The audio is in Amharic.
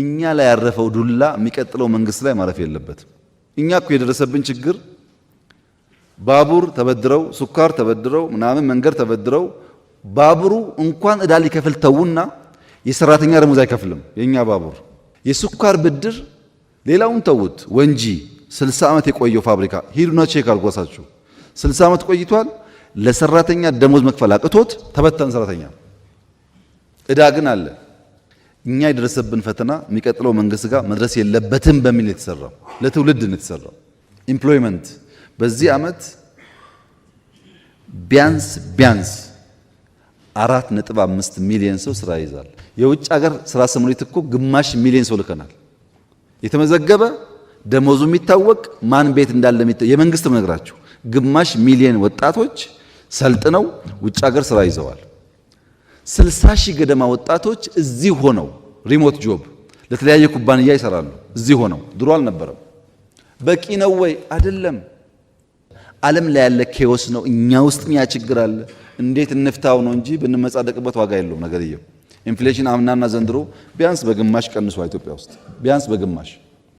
እኛ ላይ ያረፈው ዱላ የሚቀጥለው መንግስት ላይ ማረፍ የለበትም። እኛ እኮ የደረሰብን ችግር ባቡር ተበድረው፣ ስኳር ተበድረው፣ ምናምን መንገድ ተበድረው ባቡሩ እንኳን እዳ ሊከፍል ተዉና የሰራተኛ ደሞዝ አይከፍልም። የእኛ ባቡር የስኳር ብድር ሌላውን ተውት። ወንጂ 60 ዓመት የቆየው ፋብሪካ ሂዱና ቼክ አልጓሳችሁ 60 ዓመት ቆይቷል። ለሰራተኛ ደሞዝ መክፈል አቅቶት ተበተን ሰራተኛ እዳ ግን አለ። እኛ የደረሰብን ፈተና የሚቀጥለው መንግስት ጋር መድረስ የለበትም በሚል የተሰራው ለትውልድ ነው የተሰራው። ኢምፕሎይመንት በዚህ ዓመት ቢያንስ ቢያንስ አራት ነጥብ አምስት ሚሊዮን ሰው ስራ ይዛል። የውጭ ሀገር ስራ ስምሪት እኮ ግማሽ ሚሊዮን ሰው ልከናል። የተመዘገበ ደሞዙ የሚታወቅ ማን ቤት እንዳለ የመንግስት ነው ነግራችሁ ግማሽ ሚሊዮን ወጣቶች ሰልጥነው ውጭ ሀገር ስራ ይዘዋል። ስልሳ ሺህ ገደማ ወጣቶች እዚህ ሆነው ሪሞት ጆብ ለተለያየ ኩባንያ ይሰራሉ። እዚህ ሆነው ድሮ አልነበረም። በቂ ነው ወይ? አይደለም። ዓለም ላይ ያለ ኬዎስ ነው። እኛ ውስጥ ያ ችግር አለ። እንዴት እንፍታው ነው እንጂ ብንመጻደቅበት ዋጋ የለውም። ነገርየው ኢንፍሌሽን አምናና ዘንድሮ ቢያንስ በግማሽ ቀንሷ ኢትዮጵያ ውስጥ ቢያንስ በግማሽ